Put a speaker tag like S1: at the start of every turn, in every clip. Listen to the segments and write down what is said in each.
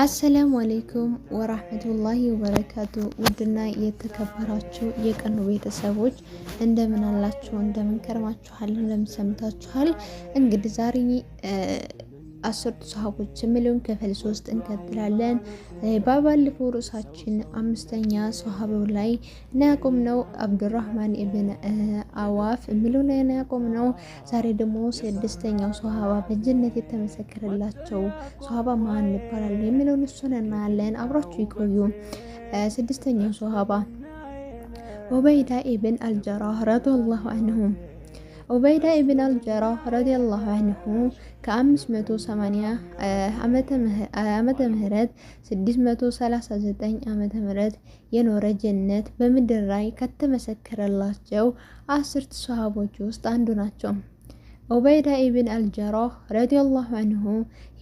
S1: አሰላሙ አሌይኩም ወራህመቱላሂ ወበረካቱ። ውድና የተከበራችሁ የቀኑ ቤተሰቦች እንደምን አላችሁ? እንደምን ከርማችኋል? እንደምን ሰምታችኋል? እንግዲህ ዛሬ አስርቱ ሰሃቦች የሚለውን ክፍል ሶስት እንቀጥላለን። ባባለፈው ርዕሳችን አምስተኛ ሰሃባው ላይ ናያቆም ነው አብዱራህማን ኢብን አዋፍ የሚለው ላይ ናያቆም ነው። ዛሬ ደግሞ ስድስተኛው ሰሃባ በጀነት የተመሰከረላቸው ሰሃባ ማን ይባላሉ የሚለውን እሱን እናያለን። አብራችሁ ይቆዩ። ስድስተኛው ሰሃባ ዑበይዳ ኢብን አልጀራህ ረዲየላሁ አንሁም ዑበይዳ ኢብን አልጀራህ ረዲየላሁ አንሁ ከ580 ዓመተ ምህረት 639 ዓመተ ምህረት የኖረ ጀነት በምድር ላይ ከተመሰከረላቸው አስርት ሰሃቦች ውስጥ አንዱ ናቸው። ዑበይዳ ኢብን አልጀራህ ረዲየላሁ አንሁ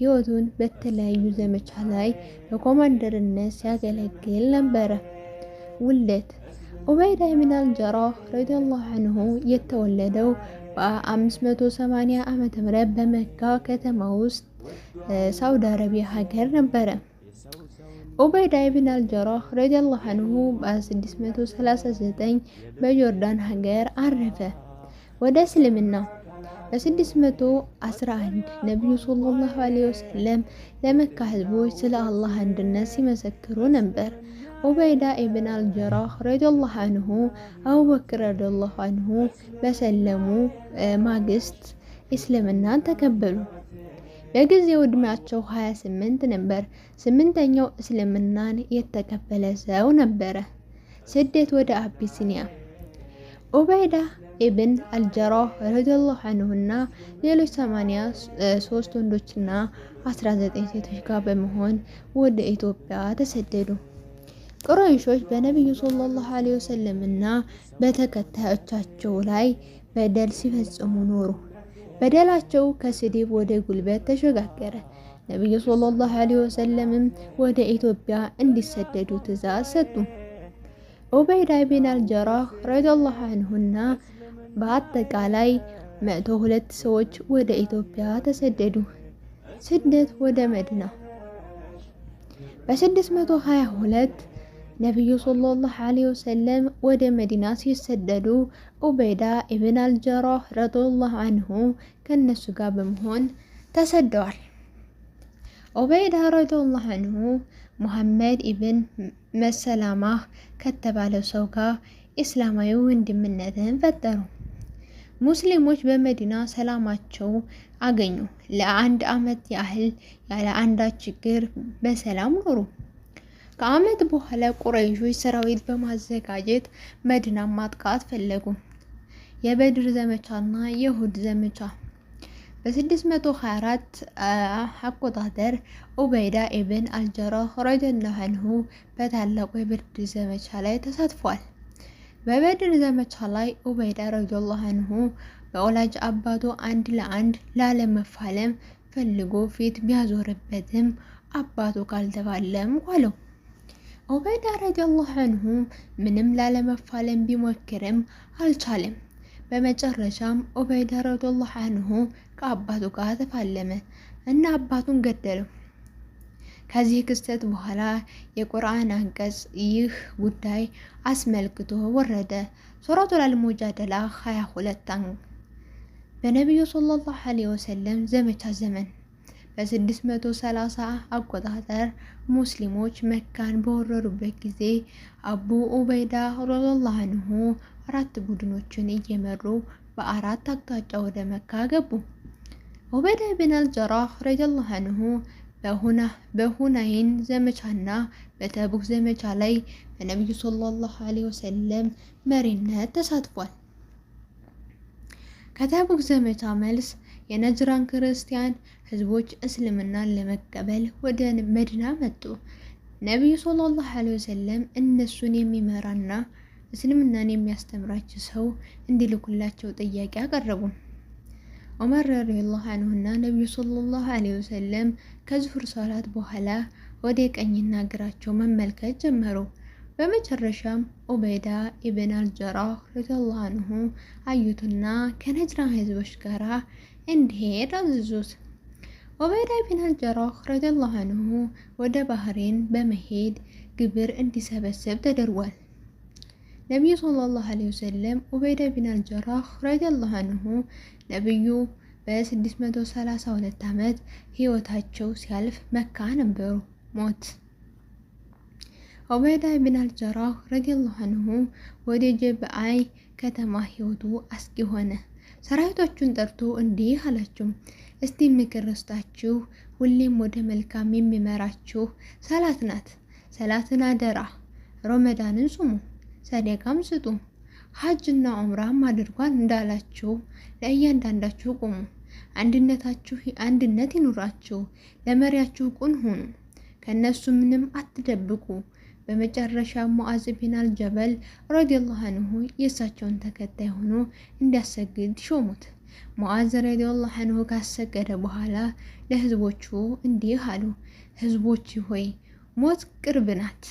S1: ህይወቱን በተለያዩ ዘመቻ ላይ በኮማንደርነት ሲያገለግል ነበረ። ውልደት ዑበይዳ ኢብን አልጀራህ ረዲየላሁ አንሁ የተወለደው በ580 ዓመተ ምህረት በመካ ከተማ ውስጥ ሳውዲ አረቢያ ሀገር ነበረ። ዑበይዳ ኢብን አልጀራህ ረዲየላሁ አንሁ በ639 በጆርዳን ሀገር አረፈ ወደ እስልምና በ611 ነቢዩ ሰለላሁ ዐለይሂ ወሰለም ለመካ ህዝቦች ስለ አላህ አንድነት ሲመሰክሩ ነበር። ኡበይዳ ኢብን አልጀራህ ረዲየላሁ አንሁ አቡበክር ረዲየላሁ አንሁ በሰለሙ ማግስት እስልምናን ተቀበሉ። በጊዜው እድሜያቸው 28 ነበር። ስምንተኛው እስልምናን የተቀበለ ሰው ነበረ። ስደት ወደ አቢሲኒያ ኡበይዳ ኢብን አልጀራህ ረዲየላሁ አንሁና ሌሎች 83 ወንዶችና 19 ሴቶች ጋር በመሆን ወደ ኢትዮጵያ ተሰደዱ። ቁረይሾች በነቢዩ ሰለላሁ ዐለይሂ ወሰለም እና በተከታዮቻቸው ላይ በደል ሲፈጽሙ ኖሩ። በደላቸው ከስድብ ወደ ጉልበት ተሸጋገረ። ነቢዩ ሰለላሁ ዐለይሂ ወሰለምም ወደ ኢትዮጵያ እንዲሰደዱ ትእዛዝ ሰጡ። ዑበይዳ ቢን አልጀራህ ረዲየላሁ ዐንሁና በአጠቃላይ መቶ ሁለት ሰዎች ወደ ኢትዮጵያ ተሰደዱ። ስደት ወደ መዲና በ622 ነቢዩ ሰለላሁ ዓለይሂ ወሰለም ወደ መዲና ሲሰደዱ ኡበይዳ ኢብን አልጀራህ ረዲየላሁ አንሁ ከነሱ ጋር በመሆን ተሰደዋል። ኡበይዳ ረዲየላሁ አንሁ ሙሐመድ ኢብን መሰላማ ከተባለው ሰው ጋር ኢስላማዊ ወንድምነትን ፈጠሩ። ሙስሊሞች በመዲና ሰላማቸው አገኙ። ለአንድ ዓመት ያህል ያለ አንዳች ችግር በሰላም ኖሩ። ከዓመት በኋላ ቁረይሾች ሰራዊት በማዘጋጀት መዲናን ማጥቃት ፈለጉ። የበድር ዘመቻና የሁድ ዘመቻ በ624 አቆጣጠር ኡበይዳ ኢብን አልጀራህ ረዲየላሁ በታላቁ የበድር ዘመቻ ላይ ተሳትፏል። በበድር ዘመቻ ላይ ኡበይዳ ረዲየላሁ አንሁ በወላጅ አባቱ አንድ ለአንድ ላለመፋለም ፈልጎ ፊት ቢያዞርበትም አባቱ ካልተፋለም ዋለው። ኦበይዳ ረዲየላሁ አንሁ ምንም ላለመፋለም ቢሞክርም አልቻለም። በመጨረሻም ኦበይዳ ረዲየላሁ አንሁ ከአባቱ ጋር ተፋለመ እና አባቱን ገደለው። ከዚህ ክስተት በኋላ የቁርአን አንቀጽ ይህ ጉዳይ አስመልክቶ ወረደ። ሱረቱል አልሙጃደላ 22 በነቢዩ ሰለላሁ ዐለይሂ ወሰለም ዘመቻ ዘመን በ630 አቆጣጠር ሙስሊሞች መካን በወረሩበት ጊዜ አቡ ኡበይዳ ረዲየላሁ አንሁ አራት ቡድኖችን እየመሩ በአራት አቅጣጫ ወደ መካ ገቡ። ኡበይዳ ብን አልጀራህ ረዲየላሁ አንሁ በሁናይን ዘመቻና በተቡክ ዘመቻ ላይ በነቢዩ ሰለላሁ ዐለይሂ ወሰለም መሪነት ተሳትፏል። ከተቡክ ዘመቻ መልስ የነጅራን ክርስቲያን ህዝቦች እስልምናን ለመቀበል ወደ መዲና መጡ። ነቢዩ ሰለላሁ ዐለይሂ ወሰለም እነሱን የሚመራና እስልምናን የሚያስተምራቸው ሰው እንዲልኩላቸው ጥያቄ አቀረቡ። ዑመር ረዲየላሁ ዐንሁና ነቢዩ ሰለላሁ ዐለይሂ ወሰለም ከዙሁር ሰላት በኋላ ወደ ቀኝና ግራቸው መመልከት ጀመሩ። በመጨረሻም ኦበይዳ ኢብን አልጀራህ ረዲየላሁ ዐንሁ አዩትና ከነጅራን ህዝቦች ጋራ እንዲሄድ አዘዙት። ኦበይዳ ቢን አልጀራህ ረዲየላሁ አንሁ ወደ ባህሬን በመሄድ ግብር እንዲሰበስብ ተደርጓል። ነቢዩ ሰለላሁ ዐለይሂ ወሰለም ኡበይዳ ቢን አልጀራህ ረዲየላሁ አንሁ ነቢዩ በ632 ዓመት ህይወታቸው ሲያልፍ መካ ነበሩ። ሞት ኦበይዳ ቢን አልጀራህ ረዲየላሁ አንሁ ወደ ጀብአይ ከተማ ህይወቱ አስጊ ሆነ። ሰራዊቶቹን ጠርቶ እንዲህ አላቸው፣ እስቲ ምክር ስጣችሁ። ሁሌም ወደ መልካም የሚመራችሁ ሰላት ናት። ሰላትን አደራ፣ ሮመዳንን ጹሙ፣ ሰደቃም ስጡ፣ ሀጅና ዑምራም አድርጓን እንዳላችሁ ለእያንዳንዳችሁ ቁሙ። አንድነታችሁ አንድነት ይኑራችሁ። ለመሪያችሁ ቁን ሁኑ፣ ከእነሱ ምንም አትደብቁ። በመጨረሻ ሙዓዝ ቢን አልጀበል ረዲየላሁ አንሁ የእሳቸውን ተከታይ ሆኖ እንዲያሰግድ ሾሙት። ሙዓዝ ረዲየላሁ አንሁ ካሰገደ በኋላ ለህዝቦቹ እንዲህ አሉ። ህዝቦች ሆይ ሞት ቅርብ ናት።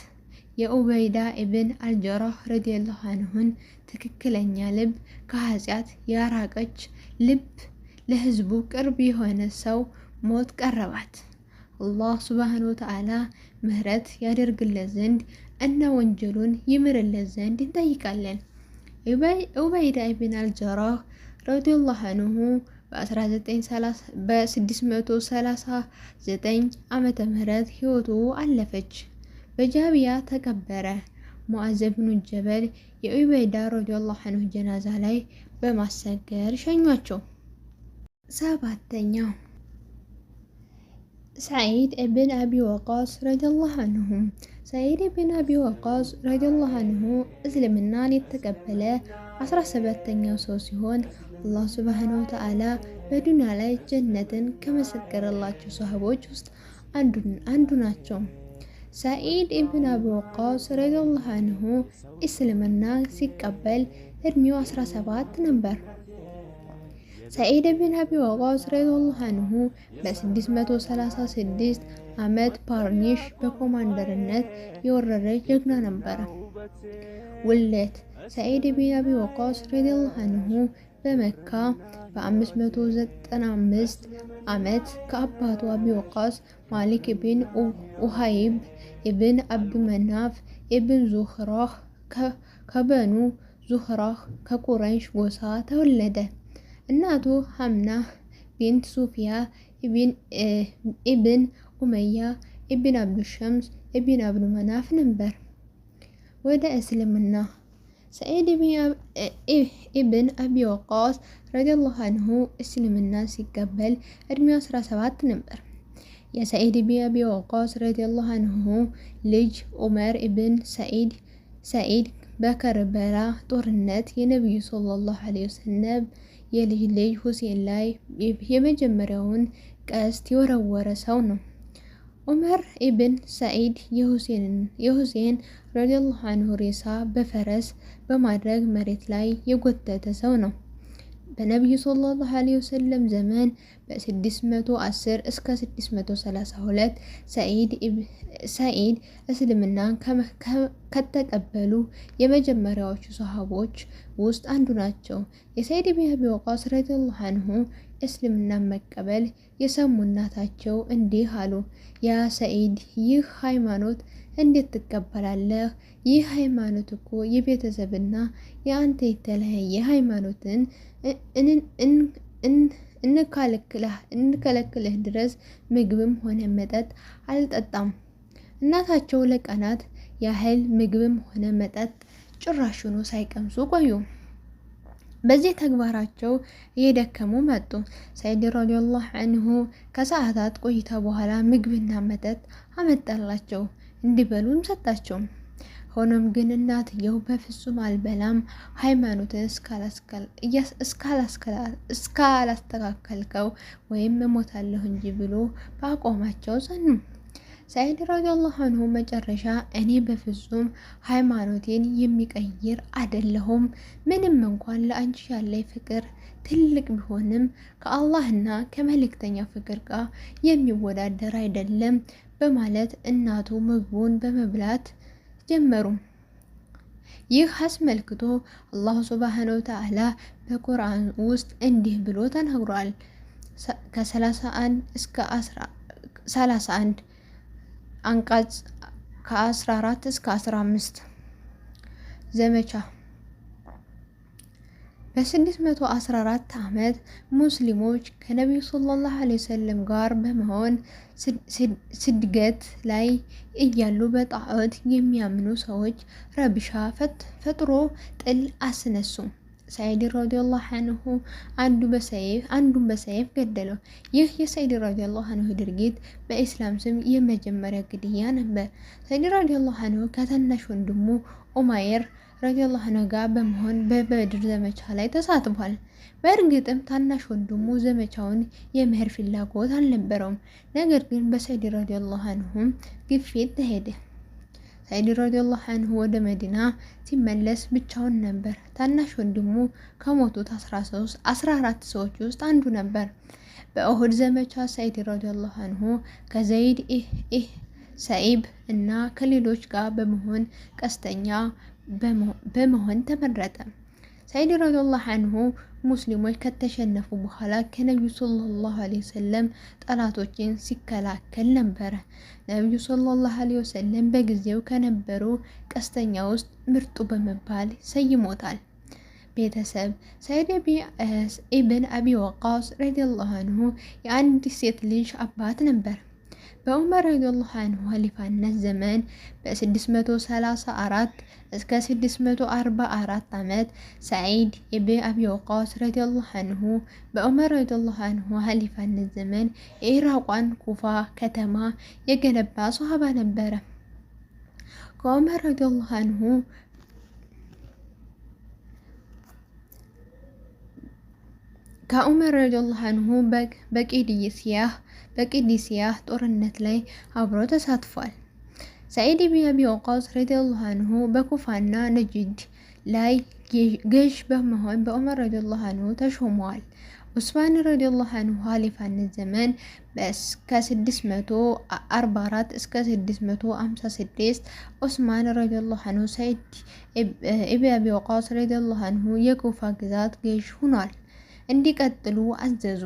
S1: የኡበይዳ ኢብን አልጀራህ ረዲየላሁ አንሁን ትክክለኛ ልብ ከኃጢአት ያራቀች ልብ ለህዝቡ ቅርብ የሆነ ሰው ሞት ቀረባት። አላህ ሱብሃነ ወተዓላ ምህረት ያደርግለት ዘንድ እና ወንጀሉን ይምርለት ዘንድ እንጠይቃለን። ዑበይዳ ኢብን አልጀራህ ረዲየላሁ አንሁ በ639 ዓመተ ምህረት ህይወቱ አለፈች። በጃቢያ ተቀበረ። ሙዓዝ ብኑ ጀበል የዑበይዳ ረዲየላሁ አንሁ ጀናዛ ላይ በማሰገር ሸኟቸው። ሰባተኛው ሰዒድ እብን አቢ ወቃስ ረዲየላሁ አንሁ ሰዒድ እብን አቢ ወቃስ ረዲየላሁ አንሁ እስልምናን የተቀበለ 17ተኛው ሰው ሲሆን አላህ ሱብሓነሁ ወተዓላ በዱንያ ላይ ጀነትን ከመሰገረላቸው ሰሃቦች ውስጥ አንዱ ናቸው። ሰዒድ እብን አቢ ወቃስ ረዲየላሁ አንሁ እስልምና ሲቀበል እድሜው 17 ነበር። ሰዒድ ብን አቢ ወቃስ ረዲየላሁ አንሁ በ636 ዓመት ፓርኒሽ በኮማንደርነት የወረረች ጀግና ነበረ። ውለት ሰዒድ ብን አቢ ወቃስ ረዲየላሁ አንሁ በመካ በ595 ዓመት ከአባቱ አቢ ወቃስ ማሊክ ብን ኡሃይብ ኢብን አቢ መናፍ ኢብን ዙህራህ ከበኑ ዙህራህ ከቁረይሽ ጎሳ ተወለደ። እናቱ ሀምና بنت صوفيا ابن اه ابن أمية ابن عبد الشمس ابن عبد مناف نمبر أسلم لنا سعيد بن آه، ابن أبي وقاص رضي الله عنه اسلم الناس يقبل أرمي عشرة سبعة نمبر يا سعيد بن أبي وقاص رضي الله عنه لج عمر ابن سعيد سعيد بكر برا طرنت يا نبي صلى الله عليه وسلم የልጅ ልጅ ሁሴን ላይ የመጀመሪያውን ቀስት የወረወረ ሰው ነው። ዑመር ኢብን ሰዒድ የሁሴን ረዲየላሁ አንሁ ሬሳ በፈረስ በማድረግ መሬት ላይ የጎተተ ሰው ነው። በነቢዩ ሰለላሁ ዐለይሂ ወሰለም ዘመን በ610 እስከ 632 ሰዒድ እስልምናን ከተቀበሉ የመጀመሪያዎቹ ሰሃቦች ውስጥ አንዱ ናቸው። የሰይድ ኢብን አቢ ወቃስ ረዲየላሁ አንሁ እስልምናን መቀበል የሰሙ እናታቸው እንዲህ አሉ፣ ያ ሰኢድ ይህ ሃይማኖት እንዴት ትቀበላለህ? ይህ ሃይማኖት እኮ የቤተሰብና የአንተ የተለያየ ሃይማኖትን እንከለክልህ ድረስ ምግብም ሆነ መጠጥ አልጠጣም። እናታቸው ለቀናት ያህል ምግብም ሆነ መጠጥ ጭራሹኑ ሳይቀምሱ ቆዩ። በዚህ ተግባራቸው እየደከሙ መጡ። ሰይድ ረዲየላሁ አንሁ ከሰዓታት ቆይታ በኋላ ምግብና መጠጥ አመጣላቸው እንዲበሉም ሰጣቸው። ሆኖም ግን እናትየው በፍጹም አልበላም፣ ሃይማኖትን እስካላስተካከልከው ወይም እሞታለሁ እንጂ ብሎ በአቋማቸው ጸኑ። ሰዒድ ረዲየላሁ አንሁ መጨረሻ እኔ በፍጹም ሃይማኖቴን የሚቀይር አይደለሁም፣ ምንም እንኳን ለአንቺ ያለኝ ፍቅር ትልቅ ቢሆንም ከአላህና ከመልእክተኛ ፍቅር ጋር የሚወዳደር አይደለም በማለት እናቱ ምግቡን በመብላት ጀመሩ። ይህ አስመልክቶ አላሁ ሱብሃነሁ ወተዓላ በቁርአን ውስጥ እንዲህ ብሎ ተናግሯል። ከ31 እስከ 31 አንቀጽ ከ14 እስከ 15 ዘመቻ በ614 ዓመት ሙስሊሞች ከነቢዩ ሰለላሁ ዐለይሂ ወሰለም ጋር በመሆን ስድገት ላይ እያሉ በጣዖት የሚያምኑ ሰዎች ረብሻ ፈጥሮ ጥል አስነሱ። ሰይድ ረዲየላሁ አንሁ አንዱን በሰይፍ ገደለው። ይህ የሰይድ ረዲየላሁ አንሁ ድርጊት በኢስላም ስም የመጀመሪያ ግድያ ነበር። ሰይድ ረዲየላሁ አንሁ ከታናሽ ወንድሙ ኡማየር ረዲየላሁ ዐንሁ ጋር በመሆን በበድር ዘመቻ ላይ ተሳትፏል። በእርግጥም ታናሽ ወንድሙ ዘመቻውን የመሄድ ፍላጎት አልነበረውም። ነገር ግን በሰይድ ረዲየላሁ ዐንሁ ግፊት ተሄደ። ሰይድ ረዲየላሁ ዐንሁ ወደ መዲና ሲመለስ ብቻውን ነበር። ታናሽ ወንድሙ ከሞቱት 13 14 ሰዎች ውስጥ አንዱ ነበር። በእሁድ ዘመቻ ሰይድ ረዲየላሁ ዐንሁ ከዘይድ ኢህ ኢህ ሰኢብ እና ከሌሎች ጋር በመሆን ቀስተኛ በመሆን ተመረጠ። ሰይድ ረዲየላሁ አንሁ ሙስሊሞች ከተሸነፉ በኋላ ከነቢዩ ሰለላሁ ዓለይሂ ወሰለም ጠላቶችን ሲከላከል ነበረ። ነቢዩ ሰለላሁ ዓለይሂ ወሰለም በጊዜው ከነበሩ ቀስተኛ ውስጥ ምርጡ በመባል ሰይሞታል። ቤተሰብ ሰይድ ኢብን አቢ ወቃስ ረዲየላሁ አንሁ የአንድ ሴት ልጅ አባት ነበር። በዑመር ረዲየላሁ ዐንሁ ኸሊፋነት ዘመን በ634 እስከ 644 ዓመት ሰዒድ ኢብን አቢ ወቃስ ረዲየላሁ ዐንሁ በዑመር ረዲየላሁ ዐንሁ ኸሊፋነት ዘመን የኢራቋን ኩፋ ከተማ የገነባ ሶሃባ ነበረ። ከዑመር ረዲየላሁ ዐንሁ ከዑመር ረዲየላሁ አንሁ በቅድስያህ ጦርነት ላይ አብሮ ተሳትፏል። ሰዒድ ኢብን አቢ ወቃስ ረዲየላሁ አንሁ በኩፋና ነጅድ ላይ ገዥ በመሆን በዑመር ረዲየላሁ አንሁ ተሾመዋል። ዑስማን ረዲየላሁ አንሁ ኻሊፋነት ዘመን ከ644 እስከ 656 ዑስማን ረዲየላሁ አንሁ ሰዒድ ኢብን አቢ ወቃስ ረዲየላሁ አንሁ የኩፋ ግዛት ገዥ ሆኗል። እንዲቀጥሉ አዘዙ።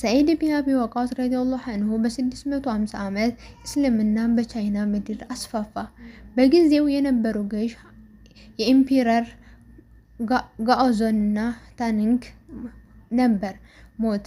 S1: ሰዒድ ብን አቢ ወቃስ ረዲየላሁ አንሁ በ650 ዓመት እስልምናን በቻይና ምድር አስፋፋ። በጊዜው የነበሩ ገዥ የኢምፒረር ጋኦዞንና ታንንግ ነበር። ሞት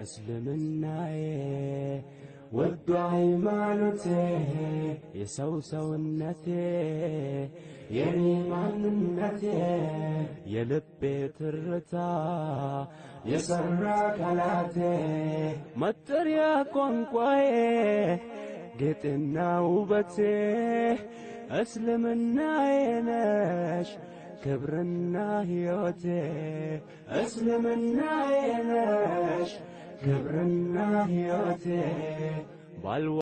S1: እስልምናዬ ወዶ ሃይማኖቴ የሰው ሰውነቴ የኔ ማንነቴ የልቤ ትርታ የሰራ ቃላቴ መጠሪያ ቋንቋዬ ጌጤና ውበቴ እስልምናዬ ነሽ ክብርና ሕይወቴ እስልምናዬ ነሽ كبر الناهرة بل